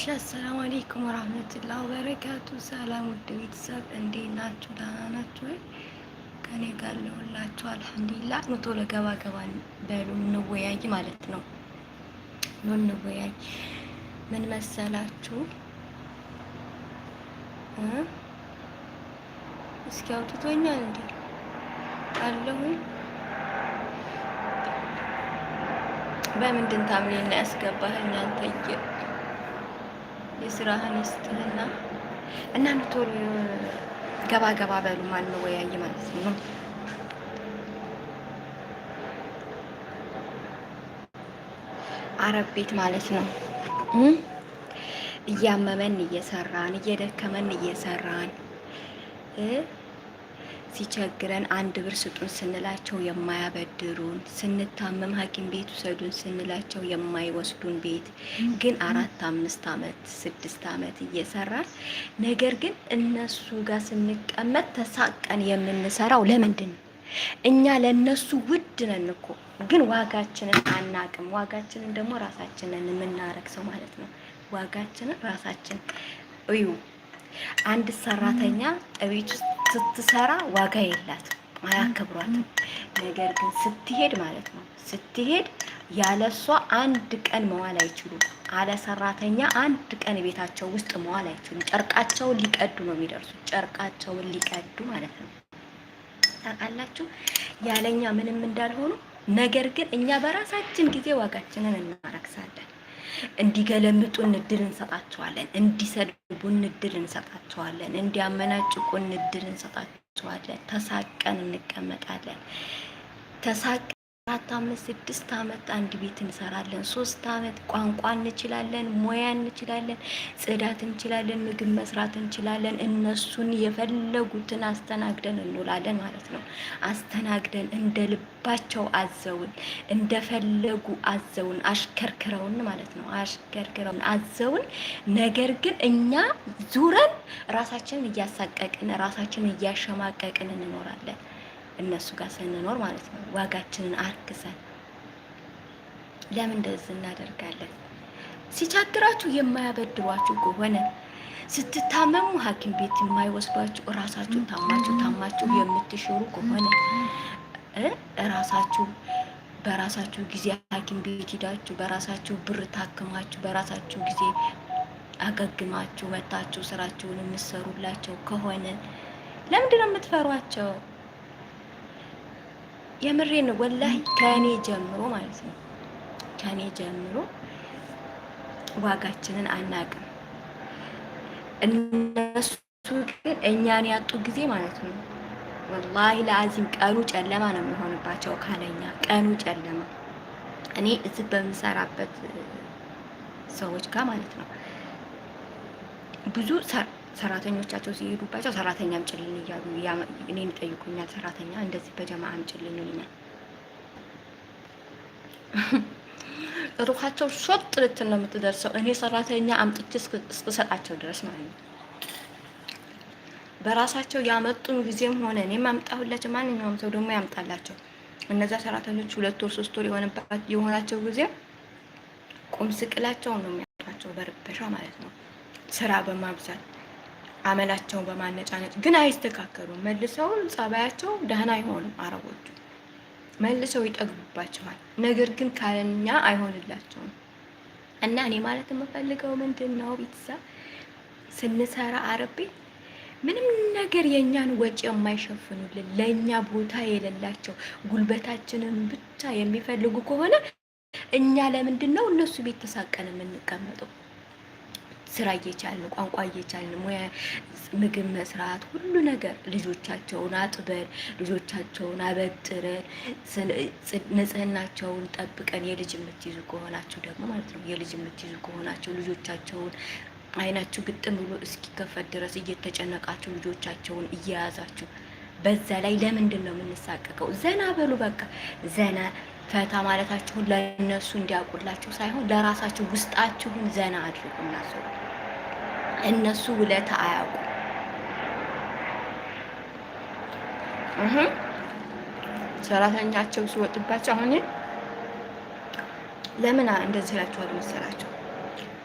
እሺ አሰላሙ አለይኩም ወራህመቱላሂ ወበረካቱ። ሰላም ውድ ቤተሰብ እንዴት ናችሁ? ደህና ናችሁ ወይ? ከኔ ጋር ለሁላችሁ አልሐምዱሊላህ። ኑ ቶሎ ገባ ገባ በሉ እንወያይ ማለት ነው። ኑ እንወያይ። ምን መሰላችሁ? እስኪ አውጥቶኛል እንዴ አለሁ በምንድን ታምኔ እና ያስገባህ እናንተ የስራህን ይስጥህና እና ቶሎ ገባ ገባ በሉ ማን ነው ወያይ ማለት ነው። አረብ ቤት ማለት ነው። እያመመን እየሰራን እየደከመን እየሰራን ሲቸግረን አንድ ብር ስጡን ስንላቸው የማያበድሩን፣ ስንታመም ሐኪም ቤት ውሰዱን ስንላቸው የማይወስዱን ቤት ግን አራት አምስት አመት ስድስት አመት እየሰራን ነገር ግን እነሱ ጋር ስንቀመጥ ተሳቀን የምንሰራው ለምንድን ነው? እኛ ለእነሱ ውድ ነን እኮ ግን ዋጋችንን አናቅም። ዋጋችንን ደግሞ ራሳችንን የምናረግ ሰው ማለት ነው። ዋጋችንን ራሳችን እዩ አንድ ሰራተኛ እቤት ውስጥ ስትሰራ ዋጋ የላትም፣ አያከብሯትም። ነገር ግን ስትሄድ ማለት ነው ስትሄድ ያለሷ አንድ ቀን መዋል አይችሉም። አለ ሰራተኛ አንድ ቀን ቤታቸው ውስጥ መዋል አይችሉም። ጨርቃቸውን ሊቀዱ ነው የሚደርሱ ጨርቃቸውን ሊቀዱ ማለት ነው። ታውቃላችሁ ያለኛ ምንም እንዳልሆኑ፣ ነገር ግን እኛ በራሳችን ጊዜ ዋጋችንን እናረግሳለን። እንዲገለምጡን እድል እንሰጣቸዋለን። እንዲሰድቡን እድል እንሰጣቸዋለን። እንዲያመናጭቁን እድል እንሰጣቸዋለን። ተሳቀን እንቀመጣለን። ተሳቀ አራት አምስት ስድስት አመት አንድ ቤት እንሰራለን። ሶስት አመት ቋንቋ እንችላለን፣ ሙያ እንችላለን፣ ጽዳት እንችላለን፣ ምግብ መስራት እንችላለን። እነሱን የፈለጉትን አስተናግደን እንውላለን ማለት ነው። አስተናግደን እንደ ልባቸው አዘውን፣ እንደፈለጉ አዘውን፣ አሽከርክረውን ማለት ነው። አሽከርክረውን አዘውን። ነገር ግን እኛ ዙረን ራሳችንን እያሳቀቅን ራሳችንን እያሸማቀቅን እንኖራለን። እነሱ ጋር ስንኖር ማለት ነው። ዋጋችንን አርክሰን ለምን እንደዚህ እናደርጋለን? ሲቸግራችሁ የማያበድሯችሁ ከሆነ ስትታመሙ ሐኪም ቤት የማይወስዷችሁ እራሳችሁ ታማችሁ ታማችሁ የምትሽሩ ከሆነ እራሳችሁ በራሳችሁ ጊዜ ሐኪም ቤት ሂዳችሁ በራሳችሁ ብር ታክማችሁ በራሳችሁ ጊዜ አገግማችሁ መታችሁ ስራችሁን የምትሰሩላቸው ከሆነ ለምንድን ነው የምትፈሯቸው? የምሬ ነው ወላሂ ከኔ ጀምሮ ማለት ነው ከእኔ ጀምሮ ዋጋችንን አናቅም። እነሱ ግን እኛን ያጡ ጊዜ ማለት ነው ወላሂ ለአዚም ቀኑ ጨለማ ነው የሚሆንባቸው ካለኛ ቀኑ ጨለማ እኔ እዚህ በምሰራበት ሰዎች ጋር ማለት ነው ብዙ ሰር ሰራተኞቻቸው ሲሄዱባቸው ሰራተኛ ጭልን እያሉ እኔን ይጠይቁኛል። ሰራተኛ እንደዚህ በጀማ አምጭልን ይሉኛል። ሩካቸው ሾጥ ልትን ነው የምትደርሰው። እኔ ሰራተኛ አምጥቼ እስክሰጣቸው ድረስ ማለት ነው። በራሳቸው ያመጡን ጊዜም ሆነ እኔም አምጣሁላቸው። ማንኛውም ሰው ደግሞ ያምጣላቸው። እነዚያ ሰራተኞች ሁለት ወር ሶስት ወር የሆናቸው ጊዜ ቁም ስቅላቸውን ነው የሚያምጧቸው፣ በርበሻ ማለት ነው ስራ በማብዛት አመላቸውን በማነጫነጭ ግን አይስተካከሉም። መልሰው ጸባያቸው ደህና አይሆንም። አረቦቹ መልሰው ይጠግቡባቸዋል። ነገር ግን ካለኛ አይሆንላቸውም። እና እኔ ማለት የምፈልገው ምንድን ነው ቤተሰብ ስንሰራ አረቤ ምንም ነገር የእኛን ወጪ የማይሸፍኑልን ለእኛ ቦታ የሌላቸው ጉልበታችንን ብቻ የሚፈልጉ ከሆነ እኛ ለምንድን ነው እነሱ ቤት ተሳቀን የምንቀመጠው? ስራ እየቻልን ቋንቋ እየቻልን ሙያ ምግብ መስራት ሁሉ ነገር ልጆቻቸውን አጥበን ልጆቻቸውን አበጥረን ንጽህናቸውን ጠብቀን የልጅ የምትይዙ ከሆናችሁ ደግሞ ማለት ነው የልጅ የምትይዙ ከሆናችሁ ልጆቻቸውን አይናችሁ ግጥም ብሎ እስኪከፈት ድረስ እየተጨነቃችሁ ልጆቻቸውን እየያዛችሁ በዛ ላይ ለምንድን ነው የምንሳቀቀው? ዘና በሉ በቃ ዘና ፈታ ማለታችሁን ለእነሱ እንዲያውቁላችሁ ሳይሆን ለራሳችሁ ውስጣችሁን ዘና አድርጉ። እናሱ እነሱ ውለታ አያውቁ። ሰራተኛቸው ሲወጡባቸው አሁን ለምን እንደዚህ እላችኋል መሰላቸው?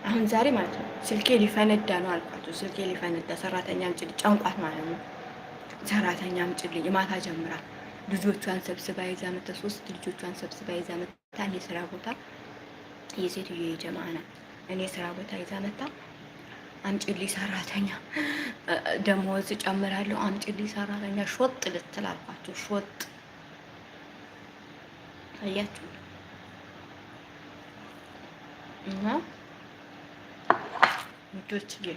አሁን ዛሬ ማለት ነው ስልኬ ሊፈነዳ ነው አልኳቸው። ስልኬ ሊፈነዳ ሰራተኛ አምጪልኝ ጨንቋት ማለት ነው። ሰራተኛ አምጪልኝ ማታ ጀምራል ልጆቿን ሰብስባ ይዛ መታ ሶስት ልጆቿን ሰብስባ ይዛ መጣ። እኔ ስራ ቦታ የሴትዮ የጀማ ናት። እኔ ስራ ቦታ ይዛ መጣ። አምጪልኝ ሰራተኛ ደሞዝ ጨምራለሁ፣ አምጪልኝ ሰራተኛ ሾጥ ልትል አልኳቸው። ሾጥ አያችሁ እና ልጆችዬ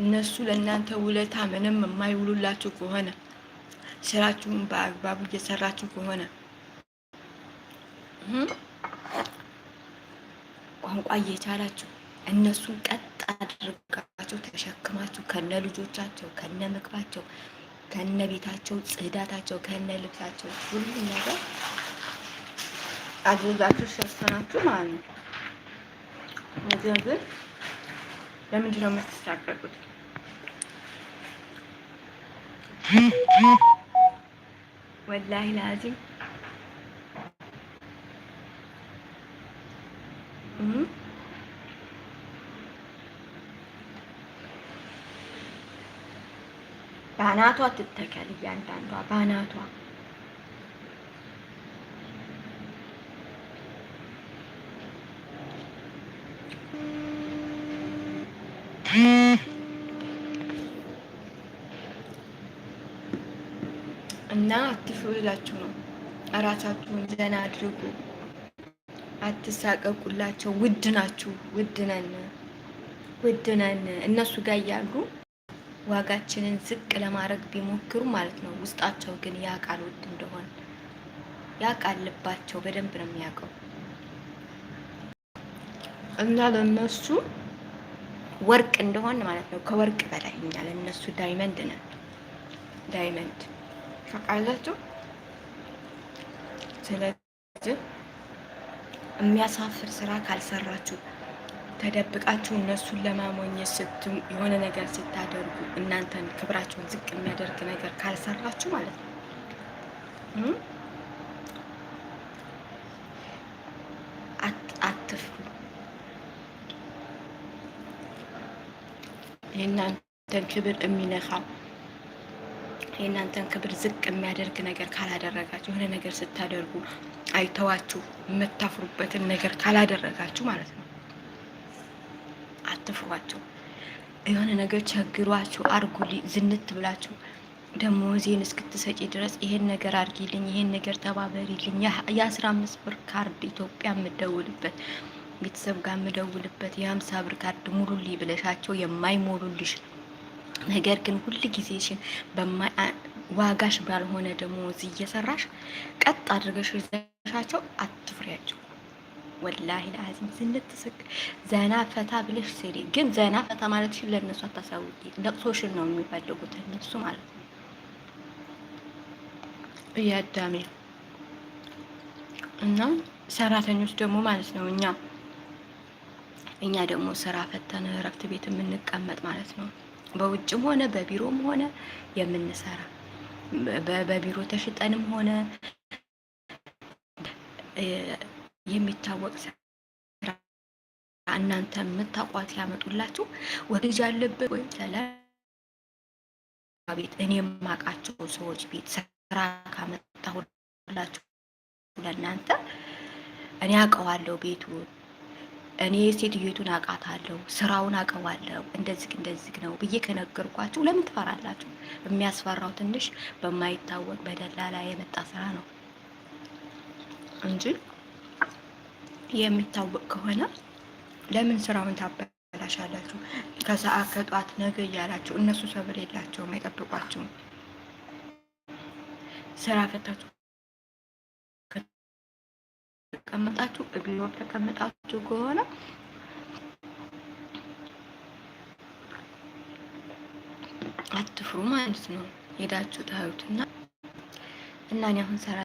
እነሱ ለእናንተ ውለታ ምንም የማይውሉላችሁ ከሆነ ስራችሁን በአግባቡ እየሰራችሁ ከሆነ ቋንቋ እየቻላችሁ እነሱን ቀጥ አድርጋቸው ተሸክማችሁ ከነ ልጆቻቸው ከነ ምግባቸው ከነ ቤታቸው ጽዳታቸው ከነ ልብሳቸው ሁሉ ነገር አድርጋችሁ ሸፈናችሁ ማለት ነው። ነገር ግን ለምንድን ነው የምትሳቀቁት? والله العظيم بناتها تتكلم يعني عندها بناتها እና አትፍሩ ነው። እራሳችሁን ዘና አድርጉ፣ አትሳቀቁላቸው። ውድ ናችሁ፣ ውድ ነን፣ ውድ ነን እነሱ ጋር እያሉ ዋጋችንን ዝቅ ለማድረግ ቢሞክሩ ማለት ነው። ውስጣቸው ግን ያውቃል ውድ እንደሆነ ያውቃል። ልባቸው በደንብ ነው የሚያውቀው እና ለእነሱ ወርቅ እንደሆን ማለት ነው። ከወርቅ በላይ እኛ ለእነሱ ዳይመንድ ነን፣ ዳይመንድ ታውቃላችሁ። ስለዚህ የሚያሳፍር ስራ ካልሰራችሁ ተደብቃችሁ እነሱን ለማሞኘት ስት የሆነ ነገር ስታደርጉ እናንተን ክብራችሁን ዝቅ የሚያደርግ ነገር ካልሰራችሁ ማለት ነው። አትፍሩ። የእናንተን ክብር የሚነካው የእናንተን ክብር ዝቅ የሚያደርግ ነገር ካላደረጋችሁ የሆነ ነገር ስታደርጉ አይተዋችሁ የምታፍሩበትን ነገር ካላደረጋችሁ ማለት ነው። አትፍሯቸው። የሆነ ነገር ቸግሯችሁ አርጉ ዝንት ብላችሁ ዜን እስክትሰጪ ድረስ ይሄን ነገር አድርጊልኝ፣ ይሄን ነገር ተባበሪልኝ፣ የአስራ አምስት ብር ካርድ ኢትዮጵያ የምደውልበት ቤተሰብ ጋር የምደውልበት የሀምሳ ብር ካርድ ሙሉልኝ ብለሻቸው የማይሞሉልሽ ነገር ግን ሁል ጊዜሽን ዋጋሽ ባልሆነ ደሞዝ እየሰራሽ ቀጥ አድርገሽ ይዘሻቸው አትፍሪያቸው። ወላሂ ለአዚም ዝንት ዘና ፈታ ብለሽ ስሪ። ግን ዘና ፈታ ማለትሽን ለእነሱ አታሳውቂ። ለቅሶሽን ነው የሚፈልጉት እነሱ ማለት ነው። እያዳሜ እና ሰራተኞች ደግሞ ማለት ነው እኛ እኛ ደግሞ ስራ ፈተን እረፍት ቤት የምንቀመጥ ማለት ነው በውጭም ሆነ በቢሮም ሆነ የምንሰራ በቢሮ ተሽጠንም ሆነ የሚታወቅ ስራ እናንተ የምታውቋት ያመጡላችሁ ወግጅ ያለበት ወይ ቤት እኔ የማውቃቸው ሰዎች ቤት ስራ ካመጣሁላችሁ ለእናንተ እኔ አውቀዋለሁ ቤቱን እኔ ሴትዮቱን አውቃታለሁ፣ ስራውን አውቀዋለሁ፣ እንደዚህ እንደዚህ ነው ብዬ ከነገርኳቸው ለምን ትፈራላችሁ? የሚያስፈራው ትንሽ በማይታወቅ በደላላ የመጣ ስራ ነው እንጂ የሚታወቅ ከሆነ ለምን ስራውን ታበላሻላችሁ? ከሰዓት ከጧት ነገ እያላችሁ እነሱ ሰብር የላቸውም አይጠብቋቸውም። ስራ ፈታችሁ ተቀምጣችሁ እግሎ ተቀምጣችሁ ከሆነ አትፍሩ ማለት ነው። ሄዳችሁ ታዩትና እና እኔ አሁን ሰራ